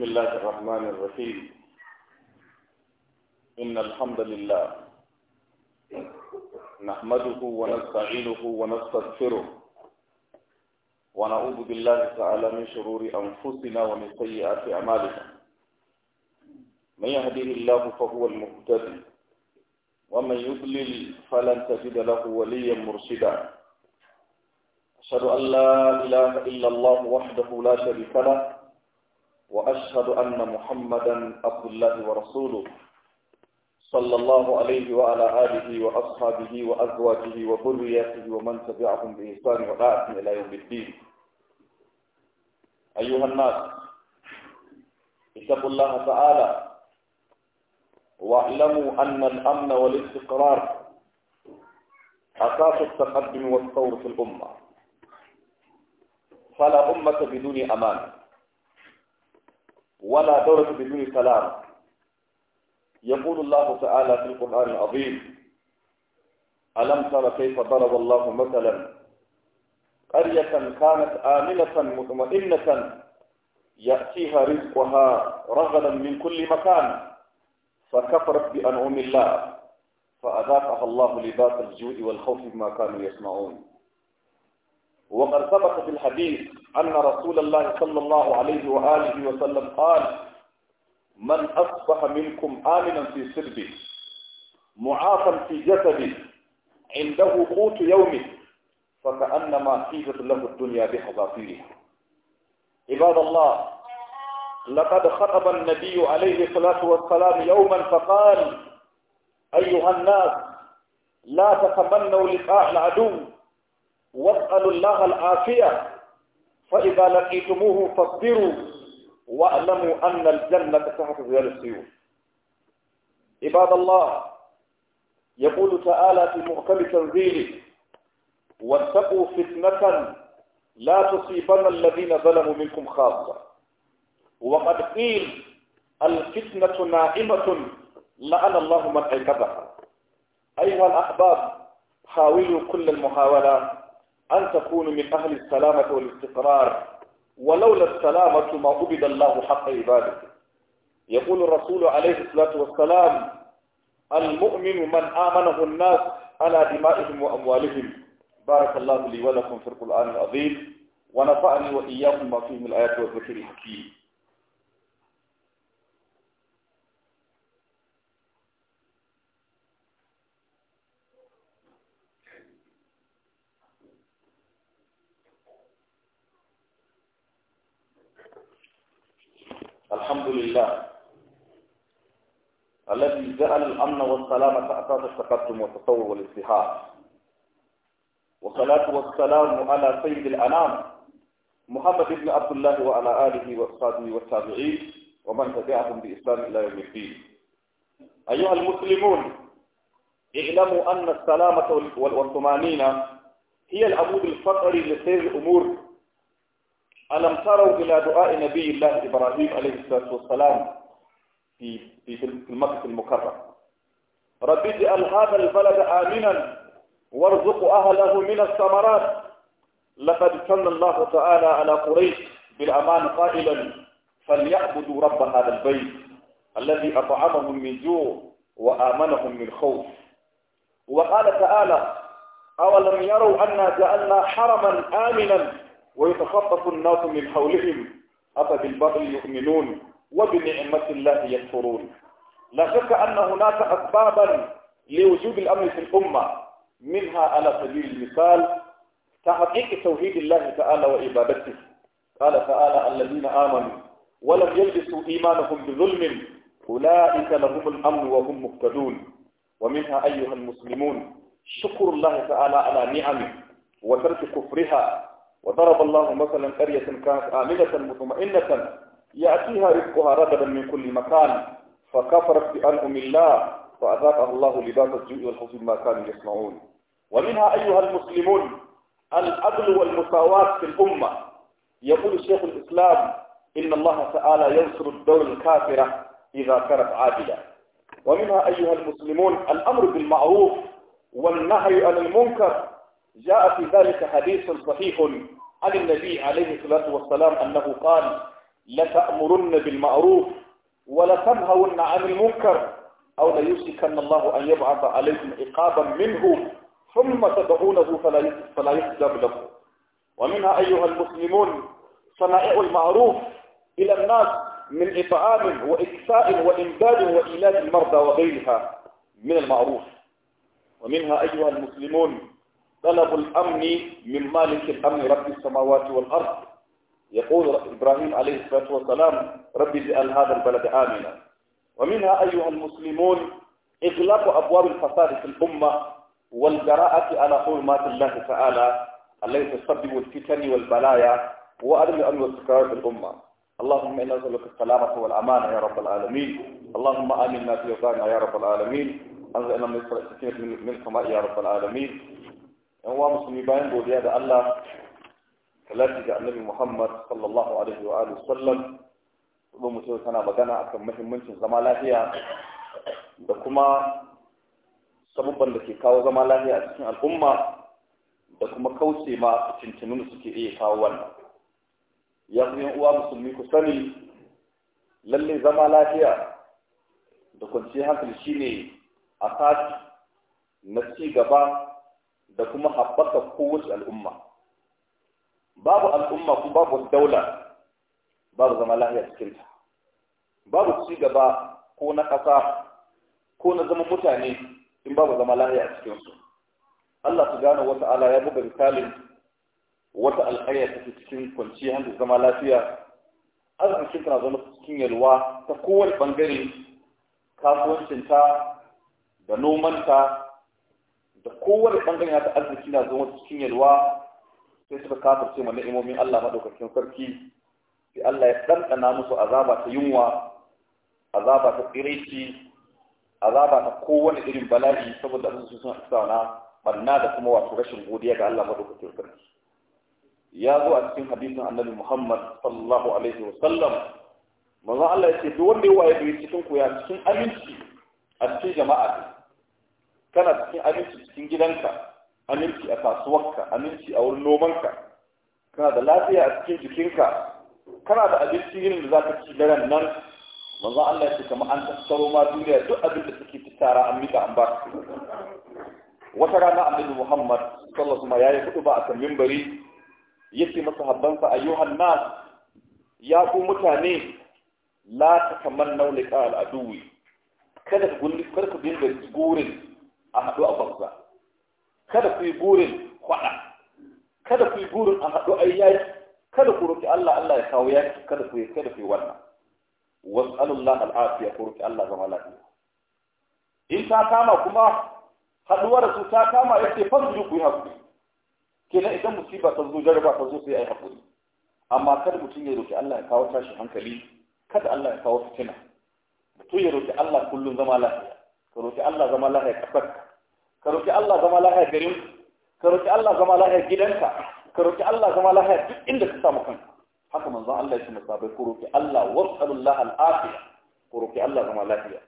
بسم الله الرحمن الرحيم إن الحمد لله نحمده ونستعينه ونستغفره ونعوذ بالله تعالى من شرور أنفسنا ومن سيئات أعمالنا من يهديه الله فهو المهتدي ومن يضلل فلن تجد له وليا مرشدا أشهد أن لا إله إلا الله وحده لا شريك له وأشهد أن محمدا عبد الله ورسوله صلى الله عليه وعلى آله وأصحابه وأزواجه وذريته ومن تبعهم بإحسان وطاعة إلى يوم الدين أيها الناس اتقوا الله تعالى واعلموا أن الأمن والاستقرار أساس التقدم والثور في الأمة فلا أمة بدون أمان ولا دورة بدون سلام يقول الله تعالى في القرآن العظيم ألم تر كيف ضرب الله مثلا قرية كانت آمنة مطمئنة يأتيها رزقها رغدا من كل مكان فكفرت بأنعم الله فأذاقها الله لباس الجوع والخوف بما كانوا يصنعون وقد ثبت في الحديث أن رسول الله صلى الله عليه وآله وسلم قال من أصبح منكم آمنا في سربه معافا في جسده عنده قوت يومه فكأنما حيزت له الدنيا بحظافيرها عباد الله لقد خطب النبي عليه الصلاة والسلام يوما فقال أيها الناس لا تتمنوا لقاء العدو واسألوا الله العافية فإذا لقيتموه فاصبروا واعلموا أن الجنة تحت ظلال السيوف عباد الله يقول تعالى في محكم تنزيله واتقوا فتنة لا تصيبن الذين ظلموا منكم خاصة وقد قيل الفتنة نائمة لعن الله من عقبها أيها الأحباب حاولوا كل المحاولات أن تكون من أهل السلامة والاستقرار ولولا السلامة ما عبد الله حق عبادته يقول الرسول عليه الصلاة والسلام المؤمن من آمنه الناس على دمائهم وأموالهم بارك الله لي ولكم في القرآن العظيم ونفعني وإياكم ما فيه من الآيات والذكر الحكيم الحمد لله الذي جعل الأمن والسلامة أساس التقدم والتطور والازدهار والصلاة والسلام على سيد الأنام محمد بن عبد الله وعلى آله وأصحابه والتابعين ومن تبعهم بإسلام إلى يوم الدين أيها المسلمون اعلموا أن السلامة والطمأنينة هي العمود الفقري لسير الأمور ألم تروا إلى دعاء نبي الله إبراهيم عليه الصلاة والسلام في في المكة المكرم رب اجعل هذا البلد آمنا وارزق أهله من الثمرات لقد من الله تعالى على قريش بالأمان قائلا فليعبدوا رب هذا البيت الذي أطعمهم من جوع وآمنهم من خوف وقال تعالى أولم يروا أنا جعلنا حرما آمنا ويتخطف الناس من حولهم أفبالباطل يؤمنون وبنعمة الله يكفرون لا شك أن هناك أسبابا لوجوب الأمن في الأمة منها على سبيل المثال تحقيق توحيد الله تعالى وعبادته قال تعالى الذين آمنوا ولم يلبسوا إيمانهم بظلم أولئك لهم الأمن وهم مهتدون ومنها أيها المسلمون شكر الله تعالى على نعمه وترك كفرها وضرب الله مثلا قرية كانت آمنة مطمئنة يأتيها رزقها رغدا من كل مكان فكفرت بأنعم الله فأذاقها الله لباس الجوع والخوف ما كانوا يصنعون ومنها أيها المسلمون العدل والمساواة في الأمة يقول شيخ الإسلام إن الله تعالى ينصر الدول الكافرة إذا كانت عادلة ومنها أيها المسلمون الأمر بالمعروف والنهي عن المنكر جاء في ذلك حديث صحيح عن النبي عليه الصلاة والسلام أنه قال لتأمرن بالمعروف ولتنهون عن المنكر أو ليمسكن الله أن يبعث عليكم عقابا منه ثم تدعونه فلا فلا يستجاب لكم ومنها أيها المسلمون صنائع المعروف إلى الناس من إطعام وإكساء وإمداد وإيلاد المرضى وغيرها من المعروف ومنها أيها المسلمون طلب الأمن من مالك الأمن رب السماوات والأرض يقول إبراهيم عليه الصلاة والسلام رب اجعل هذا البلد آمنا ومنها أيها المسلمون إغلاق أبواب الفساد في الأمة والجراءة على حرمات الله تعالى التي تسبب الفتن والبلايا وعدم الأمن والاستقرار في الأمة اللهم إنا نسألك السلامة والأمانة يا رب العالمين اللهم آمنا في أوطاننا يا رب العالمين أنزل من السكينة من السماء يا رب العالمين yan uwa musulmi bayan godiya da Allah talati ga annabi Muhammad sallallahu alaihi wa alihi sallam kuma mutum tana magana akan muhimmancin zama lafiya da kuma sabubban da ke kawo zama lafiya a cikin al'umma da kuma kauce ma cincinin da suke iya kawo wannan ya kuma uwa musulmi ku sani lalle zama lafiya da kwanciyar hankali shine a na ci gaba da kuma haɓaka kowace al'umma babu al'umma kuma babu daula babu zama lahiya cikinta babu ci ko na ƙasa ko na zama mutane in babu zama lahiya a cikinsu Allah su gano wata ala ya buga misalin wata alƙarya ta cikin kwanciyar hankali zama lafiya arzikin tana zama cikin yalwa ta kowane ɓangare kasuwancinta da nomanta da kowane bangare na ta arziki na zo cikin yalwa sai suka kafirce ma ni'imomin Allah madaukakin sarki sai Allah ya ɗanɗana musu azaba ta yunwa azaba ta tsiraici azaba ta kowane irin bala'i saboda an su suna sauna barna da kuma wato rashin godiya ga Allah madaukakin sarki ya zo a cikin hadisin annabi Muhammad sallallahu alaihi wa sallam manzo Allah ya ce duk wanda ya waye cikin ku ya cikin aminci a cikin jama'a kana cikin aminci cikin gidanka aminci a kasuwarka aminci a wurin nomanka kana da lafiya a cikin jikinka kana da abinci irin da za ka ci daren nan manzon Allah ya ce kamar an tattaro ma duniya duk abin da suke fitara an miƙa an ba wata rana annabi Muhammad sallallahu alaihi wasallam yayi hudu ba akan minbari yace masa habbansa ayyuhan nas ya ku mutane la kamar liqa al-aduwi kada ku gundi kada ku dinga gurin a haɗu a kwamsa kada ku yi burin kwaɗa kada ku yi burin a haɗu a yaki kada ku roƙi Allah Allah ya kawo yaki kada ku yi, kada ku yi wannan Wasu was'alullah al'afiya ku roƙi Allah zama lafiya in ta kama kuma haɗuwar su ta kama ya yace fasju ku yi hakuri kenan idan musiba ta zo jarba ta zo sai a yi haƙuri. amma kada mutum ya roƙi Allah ya kawo tashi hankali kada Allah ya kawo fitina mutum ya roƙi Allah kullum zama lafiya ka roki Allah zama lafiya kafar ka roki Allah zama lafiya garin ka roki Allah zama lafiya gidanka ka roki Allah zama lafiya duk inda ka samu kanka haka manzon Allah ya ce masabai ku roki Allah wasallallahu al-afiya ku roki Allah zama lafiya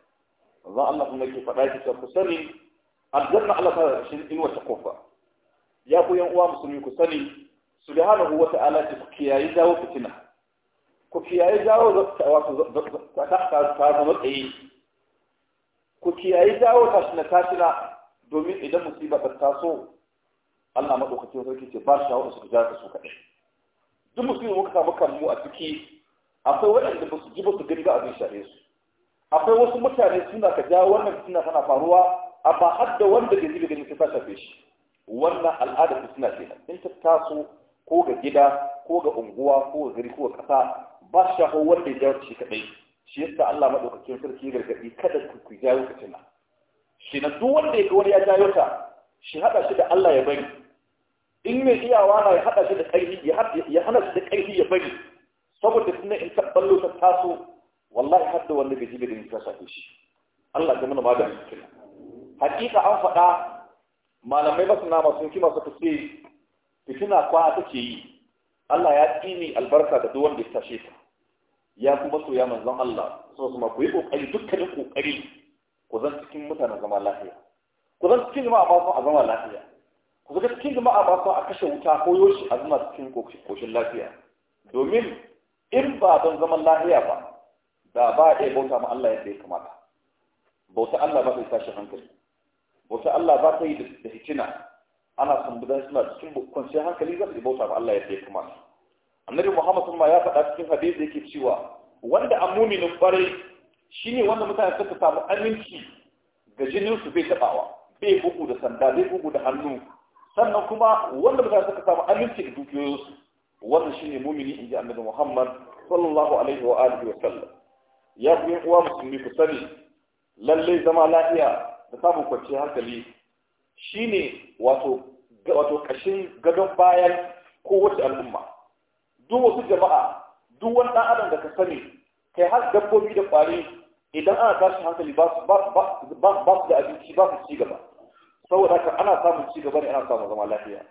manzon Allah kuma yake faɗa yake cewa ku sani aljanna Allah ta shi in wata kofa ya ku yan uwa musulmi ku sani subhanahu wa ta'ala ce ku kiyaye jawo fitina ku kiyaye jawo wato ta ta ta zama tsaye ku kiyayi dawo na tashina domin idan musiba ta taso Allah madaukakin sarki ce ba shawara su ja su kaɗai duk musiba muka samu kanmu a ciki akwai waɗanda ba su ji ba su gani ba abin shafe su akwai wasu mutane suna ka jawo wannan suna tana faruwa amma har da wanda ke zibe gani ta shafe shi wannan al'adar su suna ce in ta taso ko ga gida ko ga unguwa ko ga gari ko ga ƙasa ba shafo wanda ya jawo shi kaɗai shi yasa Allah madaukakin sarki gargadi kada ku ku jawo fitina shi na duk wanda ya ga wani ya jawo ta shi hada shi da Allah ya bari in mai iyawa na ya hada shi da ƙarfi ya hana shi da ƙarfi ya bari saboda suna in ta ballo ta taso wallahi har da wanda gaji da ta shafe shi Allah ta mana magana fitina hakika an faɗa malamai ba su nama masu kima suka ce fitina kwa take yi Allah ya tsini albarka da duk wanda ya tashe ta ya kuma soya manzon Allah so kuma ku yi kokari dukkanin kokari ku zan cikin mutanen zama lafiya ku zan cikin jama'a ba su a zama lafiya ku zan cikin jama'a ba su a kashe wuta ko yoshi a zama cikin koshin lafiya domin in ba don zaman lafiya ba da ba a bauta ma Allah yadda ya kamata bauta Allah ba ta yi tashin hankali bauta Allah ba ta yi da hikina ana sun budan suna cikin kwanciyar hankali za su bauta ma Allah yadda ya kamata annabi muhammad sun ya faɗa cikin hadisi yake cewa wanda an muminin shi ne wanda mutane suka samu aminci ga jininsu bai taɓawa bai bugu da sanda bai bugu da hannu sannan kuma wanda mutane suka samu aminci da dukiyoyinsu wannan shine mumini inji annabi muhammad sallallahu alaihi wa alihi wa sallam ya ku yan uwa musulmi ku sani lallai zama lafiya da samun kwanciyar hankali shine wato wato kashin gadon bayan kowace al'umma duk wasu jama'a duk wani ɗan adam da ka sani kai har dabbobi da ƙwari idan ana tashi hankali ba su da abinci ba su ci gaba saboda haka ana samun ci gaba ne ana samun zama lafiya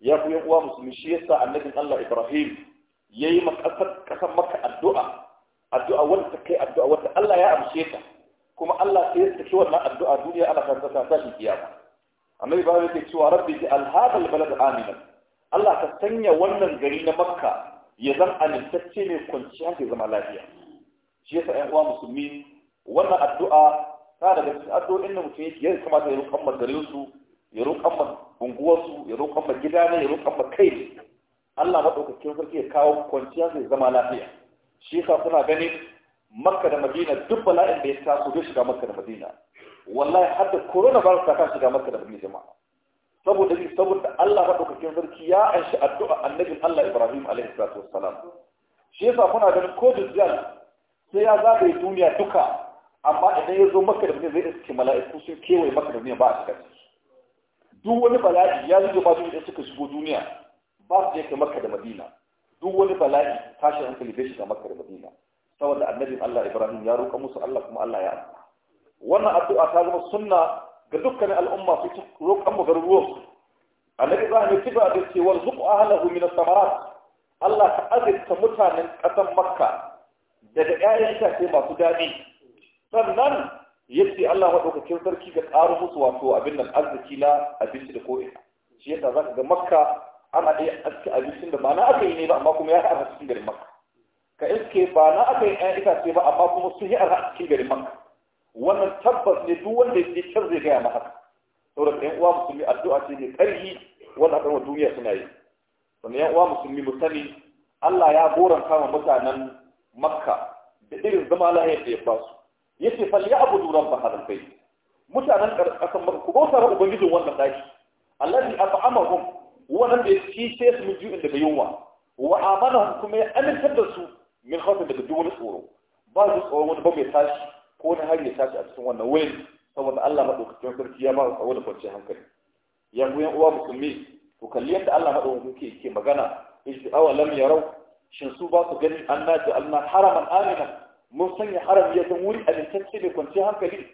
ya ku yan uwa musulmi shi yasa annabin Allah Ibrahim yayi makasar kasan maka addu'a addu'a wanda ta kai addu'a wanda Allah ya amshe ta kuma Allah sai ya saki wannan addu'a duniya ana kan ta tashi kiyama annabi Ibrahim yake cewa rabbi ji al hadal balad aminan Allah ka sanya wannan gari na makka ya zan amintacce mai kwanciya hankali zama lafiya shi yasa ƴan uwa musulmi wannan addu'a ta daga cikin addu'o'in da mutum yake yadda kamata ya roƙan ma garin su ya roƙan ma unguwar su, ya roƙan ma gida ne ya roƙan ma kai Allah maɗaukakin sarki ya kawo kwanciya zai zama lafiya shi yasa suna ganin makka da madina duk bala'in da ya taso zai shiga makka da madina wallahi har da corona virus ta shiga makka da madina jama'a saboda ni saboda Allah madaukakin sarki ya aishi addu'a annabin Allah Ibrahim alaihi salatu shi yasa kuna ganin ko dajjal sai ya zagaye duniya duka amma idan ya zo maka da zai iske mala'iku sun kewaye maka da ne ba a cikin duk wani bala'i ya zo ba duniya suka shigo duniya ba su je ka maka da madina duk wani bala'i tashi hankali bai shiga maka da madina saboda annabin Allah Ibrahim ya roƙa musu Allah kuma Allah ya amsa wannan addu'a ta zama sunna ga dukkanin al'umma su roƙan mu garuruwan A na ibrahim ya tiba da cewar zuku ahlahu min samarat Allah ka azirta mutanen ƙasan makka daga ƴaƴan itace masu daɗi sannan ya yace Allah madaukakin sarki ga ƙaro musu wato abin nan arziki na abinci da ko'ina shi yasa za ka ga makka ana iya aske abincin da ba na aka yi ne ba amma kuma ya haɗa cikin garin makka ka iske ba na aka yi ƴaƴan itace ba amma kuma sun yi a cikin garin makka wannan tabbas ne duk wanda ya ce zai gaya na haka saboda ɗan uwa musulmi addu'a ce ne ƙarfi wanda aka duniya suna yi sannan yan uwa musulmi mu sani Allah ya goranta wa mutanen Makka da irin zama lahiyar da ya ba su yace fal ya abudu rabba hadal kai" mutanen ƙasar Makka ku bauta ga ubangijin wannan daki allazi at'amahum wannan da ya cishe su min daga yunwa wa amanahum kuma ya amintar da su min khawfin daga duk tsoro ba su tsoron wani ba mai tashi ko na hari ya tashi a cikin wannan wurin saboda Allah madaukakin sarki ya ba tsaro da kwanciyar hankali ya goyen uwa musulmi to kalli yadda Allah madaukakin ke ke magana ishi awa lam yarau shin su ba su gani an naji alna haraman amina mun sanya haram ya zan wuri alintacce mai kwanciyar hankali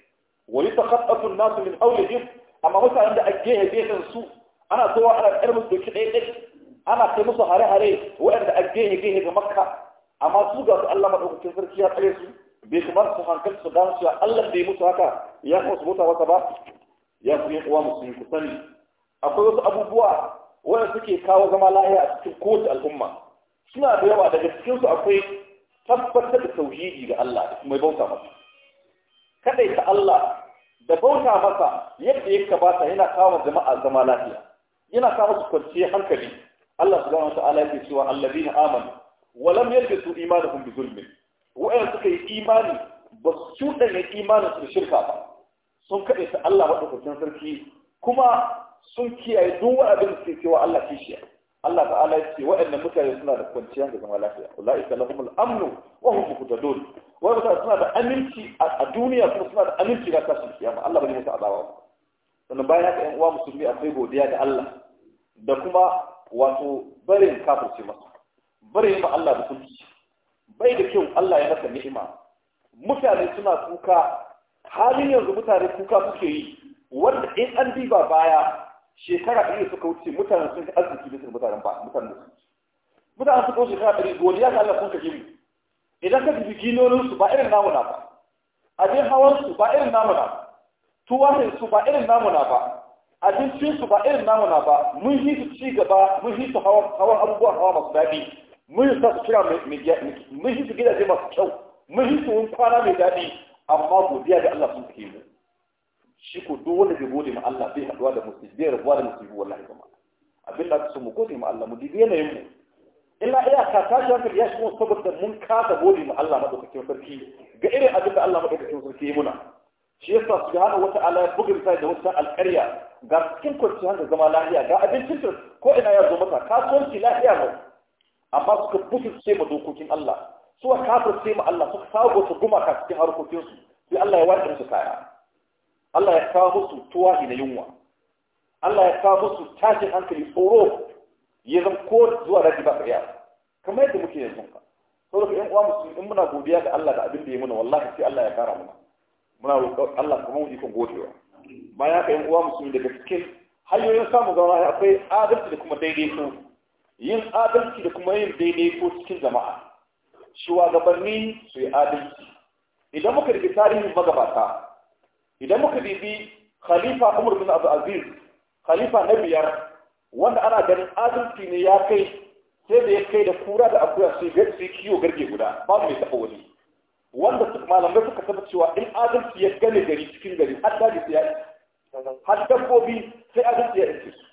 wa yi takhaffafun nasu min aulihim amma mutanen da ake ya gefen su ana zuwa ana ƙar musu doki ɗaya ɗaya ana kai musu hare-hare waɗanda ake ya ga makka amma su ga su Allah madaukakin sarki ya tsare su bai kamata su hankali su gano cewa Allah bai mutu haka ya kuma su mutu masa ba ya ku yi uwa musulmi ku sani akwai wasu abubuwa wanda suke kawo zama lahiya a cikin kowace al'umma suna da yawa daga cikin su akwai tabbatar da tauhidi ga Allah da kuma bauta masa kadai ta Allah da bauta masa yadda ya kamata yana kawo jama'a zama lafiya yana kawo su kwanciyar hankali Allah subhanahu wa ta'ala yake cewa allazina amanu wa lam yalbisu imanuhum bi zulmin wa'yan suka yi imani ba su cuɗanya imanin su shirka ba sun kaɗe su Allah maɗaukakin sarki kuma sun kiyaye duk wani abin da suke cewa Allah kishiya Allah ta'ala ya ce wa'in waɗannan mutane suna da kwanciyar da zama lafiya ulaika lahumul amnu wa hum dole wa mutane suna da aminci a duniya kuma suna da aminci ga tashin kiyama Allah bai musu azaba ba sannan bayan haka ƴan uwa musulmi akwai godiya ga Allah da kuma wato barin kafirce masa barin ba Allah da kulki bai da kyau Allah ya masa ni'ima mutane suna kuka halin yanzu mutane kuka suke yi wanda in an diba baya shekara ɗaya suka wuce mutane sun ga arziki bisa mutanen ba mutanen su mutane suka wuce shekara ɗari godiya ga Allah sun ka gini idan ka dubi ginonin su ba irin namu na ba abin hawan su ba irin namu na ba tuwahin su ba irin namu na ba abincin su ba irin namu na ba mun yi su ci gaba mun yi su hawan abubuwan hawa masu daɗi mun sa su kira mun shi su gidaje masu kyau mun shi su kwana mai daɗi amma godiya ga Allah sun fi mu shi ko duk wanda bai gode ma Allah bai haɗuwa da musulmi bai rabuwa da musulmi wallahi ba abin da aka so mu gode ma Allah mu dibi yanayin mu illa iyaka ta shi hankali ya shi kuma saboda mun kasa gode ma Allah maɗaukakin sarki ga irin abin da Allah maɗaukakin sarki ya muna shi yasa su ga hana wata ala ya bugun sai da wata alƙarya ga cikin kwanciyar da zama lafiya ga abincin ko ina ya zo masa, kasuwanci lafiya mai amma suka ce ma dokokin Allah suka ce ma Allah suka sago su ka cikin harkokin su sai Allah ya wada musu kaya Allah ya kawo musu tuwa da yunwa Allah ya kawo musu tashin hankali tsoro ya zama ko zuwa da ba tsariya kamar yadda muke yanzu ka saboda ƴan uwa musulmi in muna godiya ga Allah da abin da ya muna wallahi sai Allah ya kara muna muna roƙon Allah kuma mu ikon godewa bayan ka ƴan uwa musulmi daga cikin hanyoyin samun zama akwai adalci da kuma daidai yin adalci da kuma yin ko cikin jama'a shugabanni su yi adalci idan muka rike tarihin magabata idan muka dubi khalifa umar bin abu aziz khalifa na biyar wanda ana ganin adalci ne ya kai sai da ya kai da kura da akuya su yi kiwo garge guda babu mai taɓa wani wanda su malamai suka saba cewa in adalci ya gane gari cikin gari har daji ya har dabbobi sai adalci ya isa su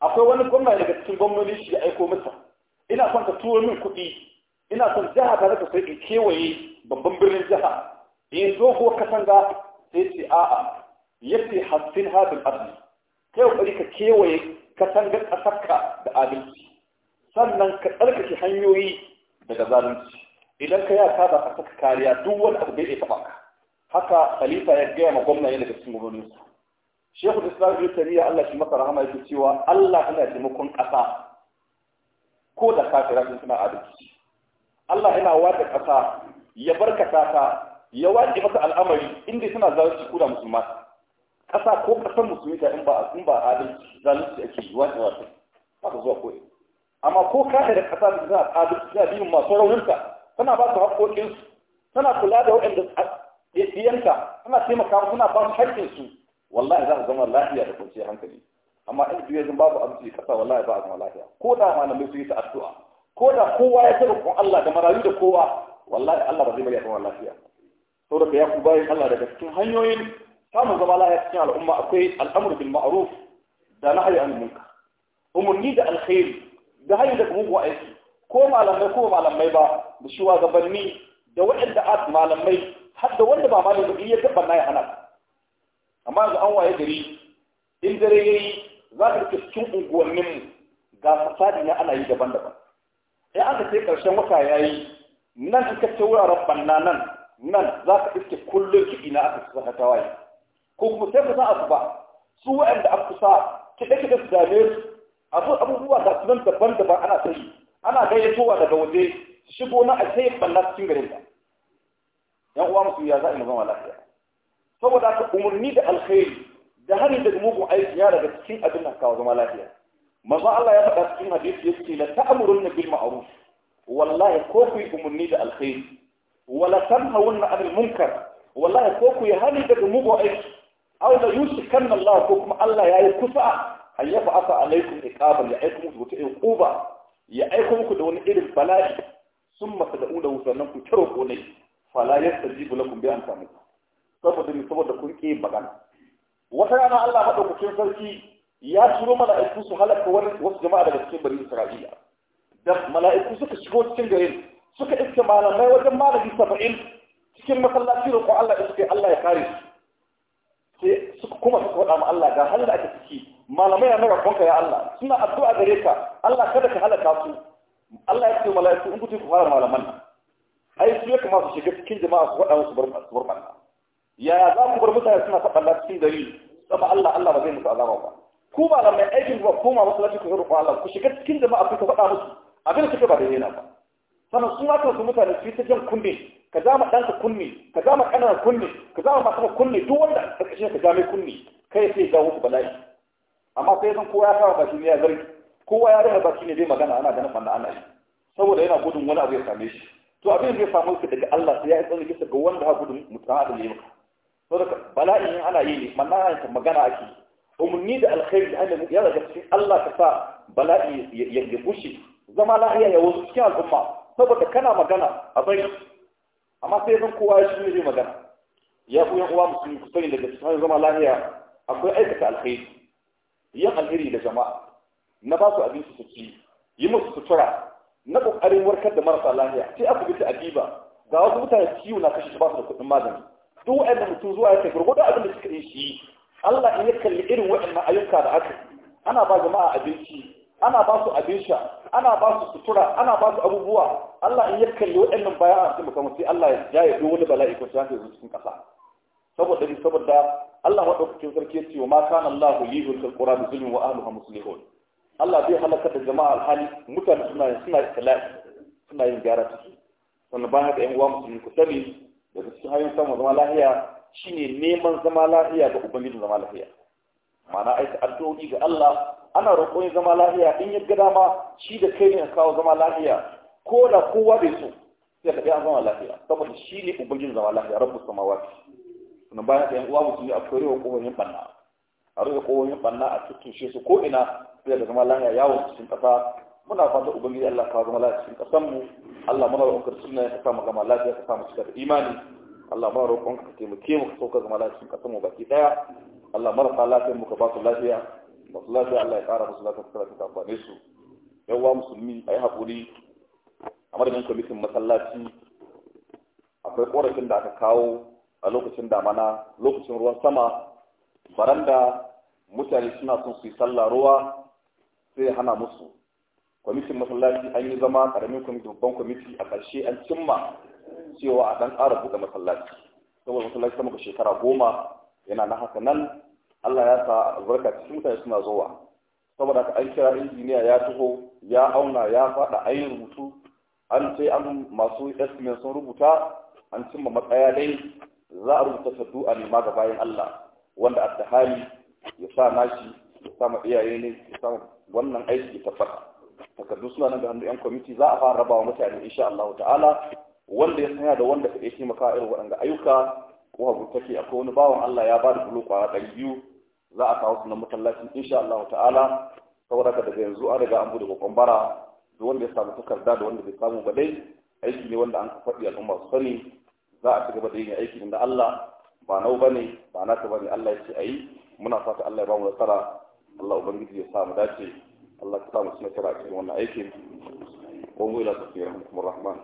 akwai wani gwamna daga cikin gwamnoni shi ya aiko masa ina son ka turo min kuɗi ina son jiha ta zaka sai in kewaye babban birnin jiha in zo ko katanga sai ce a'a yace hasin hadin Ta kai kokari ka kewaye katangar kasarka da adalci sannan ka tsarkake hanyoyi daga zalunci idan ka yaka ba ka saka kariya duk wani abu da ya taɓa ka haka khalifa ya gaya ma gwamna yana daga cikin gwamnoninsa Shehu Islam Ibn Taymiyyah Allah shi maka rahama yake cewa Allah yana taimakon ƙasa ko da kafira sun suna adalci Allah yana wata ƙasa ya barkata ta ya wace masa al'amari inda suna zalunci ko da musulma ƙasa ko ƙasar musulmi ta in ba in ba adalci zalunci ake yi wace wace ba ka zuwa ko amma ko ka da ƙasa da suna adalci suna biyun masu rauninta tana ba su haƙoƙinsu tana kula da waɗanda ɗiyanta tana taimaka suna ba su haƙƙinsu wallahi za a zama lafiya da kwanciyar hankali amma in duniya babu abinci kasa wallahi ba a zama lafiya ko da malamai su yi ta'addu'a. addu'a ko da kowa ya tsara kun Allah da marayu da kowa wallahi Allah ba zai bari a zama lafiya saboda ya ku bayan Allah daga cikin hanyoyin samun zama lafiya cikin al'umma akwai al'amur bil ma'ruf da nahyi anil munkar umurni da alkhairi da hayyu da mugu aiki ko malamai ko malamai ba da shugabanni da waɗanda at malamai har da wanda ba malamai ya tabbana ya hana amma ga an waye gari in dare yayi za ka rike cikin unguwannin ga fasadi ne ana yi daban-daban in aka ce karshen wata yayi nan in ka ce wuraren banna nan nan za ka iske kullum kiɗi na aka saka tawaye ko kuma sai ka sa abu ba su waɗanda aka kusa kiɗe-kiɗe su dame su abubuwa ga nan daban-daban ana ta yi ana gayyatowa daga waje shigo na a sai banna cikin garin ka yan uwa musu ya za yi zama lafiya saboda ka umarni da alkhairi da hari daga mugun aiki ya daga cikin abin da kawo zama lafiya manzo Allah ya faɗa cikin hadisi yace la ta'murunna bil ma'ruf wallahi ko ku umarni da alkhairi wala tanhawunna 'anil munkar wallahi ko ku hani daga mugun aiki aw la yusikanna Allah ko kuma Allah yayi kusa an yafa asa alaikum iqaban ya aikum ku ta uquba ya aikum ku da wani irin bala'i summa tad'u lahu sannan ku taro ko ne fala yastajibu lakum bi an saboda ne saboda kun ƙi magana wata rana Allah madaukakin sarki ya turo mala'iku su halaka wasu jama'a daga cikin bari Isra'ila da mala'iku suka shigo cikin garin suka iske malamai wajen malami saba'in cikin masallaci da ko Allah iske Allah ya kare su sai suka kuma su faɗa ma Allah ga halin da aka ciki malamai na mara kwanka ya Allah suna addu'a gare ka Allah kada ka halaka su Allah ya ce mala'iku in kuce ku fara malaman ai su ya kamata su shiga cikin jama'a su faɗa musu burmanna yaya za ku bar mutane suna faɗa na cikin gari sama Allah Allah ba zai musu azama ba ku ba da mai aikin ba ku ma masallaci ku rufa Allah ku shiga cikin jama'a ku faɗa musu abin da suke ba daidai yana ba sannan su ma su mutane su ta jan kunne ka zama ɗanka kunne ka zama ƙanan kunne ka zama masu kunne duk wanda ƙarƙashin ka jami kunne kai sai ga wasu bala'i amma sai zan kowa ya fara baki ne ya zargi kowa ya rufe baki ne zai magana ana ganin fanna ana yi saboda yana gudun wani abu ya same shi to abin da ya samu daga Allah sai ya yi tsanin kisa ga wanda ha gudun mutum da ya maka to Bala'i bala'in ana yi ne manna ta magana ake umarni da alkhairi da annabi ya daga cikin Allah ka sa bala'i ya gushe zama lahiya ya wasu cikin al'umma saboda kana magana a bai amma sai zan kowa ya shi zai magana ya ku yan uwa musulmi ku sani daga cikin zama lahiya akwai aikata alkhairi yin alheri da jama'a na ba su abinci su ci yi musu sutura na kokarin warkar da marasa lahiya sai asibiti a diba ga wasu mutane ciwo na kashe su ba su da kuɗin magani duk wa'anda mutum zuwa ya kai gurgudu abin da suka yi shi Allah in ya kalli irin wa'annan ayyuka da aka ana ba jama'a abinci ana ba su abin sha ana ba su sutura ana ba su abubuwa Allah in ya kalli wa'annan bayan a cikin kamar sai Allah ya jaye duk wani bala'i ko sai ya cikin kasa saboda ni saboda Allah madaukakin sarki ya ce wa ma kana Allahu yuhul qur'an zulmi wa ahluha muslimun Allah bai halaka da jama'a alhali mutane suna suna suna yin gyara ciki sannan bayan haka ƴan uwa musulmi ku sani daga cikin hanyoyin samun zama lahiya shine neman zama lahiya ga ubangijin zama lahiya ma'ana aika addu'o'i ga Allah ana roƙon yin zama lahiya in ya ga ma shi da kai ne ya kawo zama lahiya ko da kowa bai so sai ka an zama lafiya saboda shi ne ubangijin zama lafiya rabu samawati sannan bayan ɗayan uwa mutum ya akwai rewa kowanne ɓanna a rufe ƙohonin banna a tuttushe su ko ina sai da zama lahiya yawon cikin ƙasa muna fata ubangiji Allah ka zama lafiya cikin kasan mu Allah muna roƙon sunna ya sa mu gama lafiya ka sa mu cika da imani Allah muna roƙon ka taimake mu ka sauka zama lafiya cikin kasan mu baki daya Allah marasa lafiya mu ka ba su lafiya masu lafiya Allah ya ƙara musu lafiya ka ta amfane su yawa musulmi a yi haƙuri a madadin kwamitin masallaci akwai ƙorafin da aka kawo a lokacin damana lokacin ruwan sama baranda mutane suna son su yi sallah ruwa sai hana musu kwamitin masallaci an yi zama karamin kwamitin babban kwamiti a ƙarshe an cimma cewa a ɗan ƙara buɗe masallaci saboda masallaci sama ga shekara goma yana na haka nan Allah ya sa albarka cikin mutane suna zuwa saboda ka an kira injiniya ya taho ya auna ya faɗa an yi rubutu an ce an masu estimate sun rubuta an cimma matsaya dai za a rubuta saddu a nema ga bayan Allah wanda a hali ya sa nashi ya sa ma iyaye ne ya sa wannan aiki ya tabbata takardu suna nan da hannun yan kwamiti za a fara rabawa mutane insha Allah ta'ala wanda ya saya da wanda ka shi maka irin waɗanda ayyuka ko hagu take akwai wani bawan Allah ya ba da bulo kwara ɗari biyu za a kawo su na masallacin insha Allah ta'ala saboda ka daga yanzu an riga an bude kokon bara da wanda ya samu takarda da wanda bai samu ba dai aiki ne wanda an ka faɗi al'umma su sani za a ci gaba da yin aiki da Allah ba nau bane ba naka bane Allah ya ce a yi muna fata Allah ya ba mu nasara Allah ubangiji ya sa mu dace Allah ka sa mu cikin wannan aikin قوموا إلى تطهيرهم الرحمن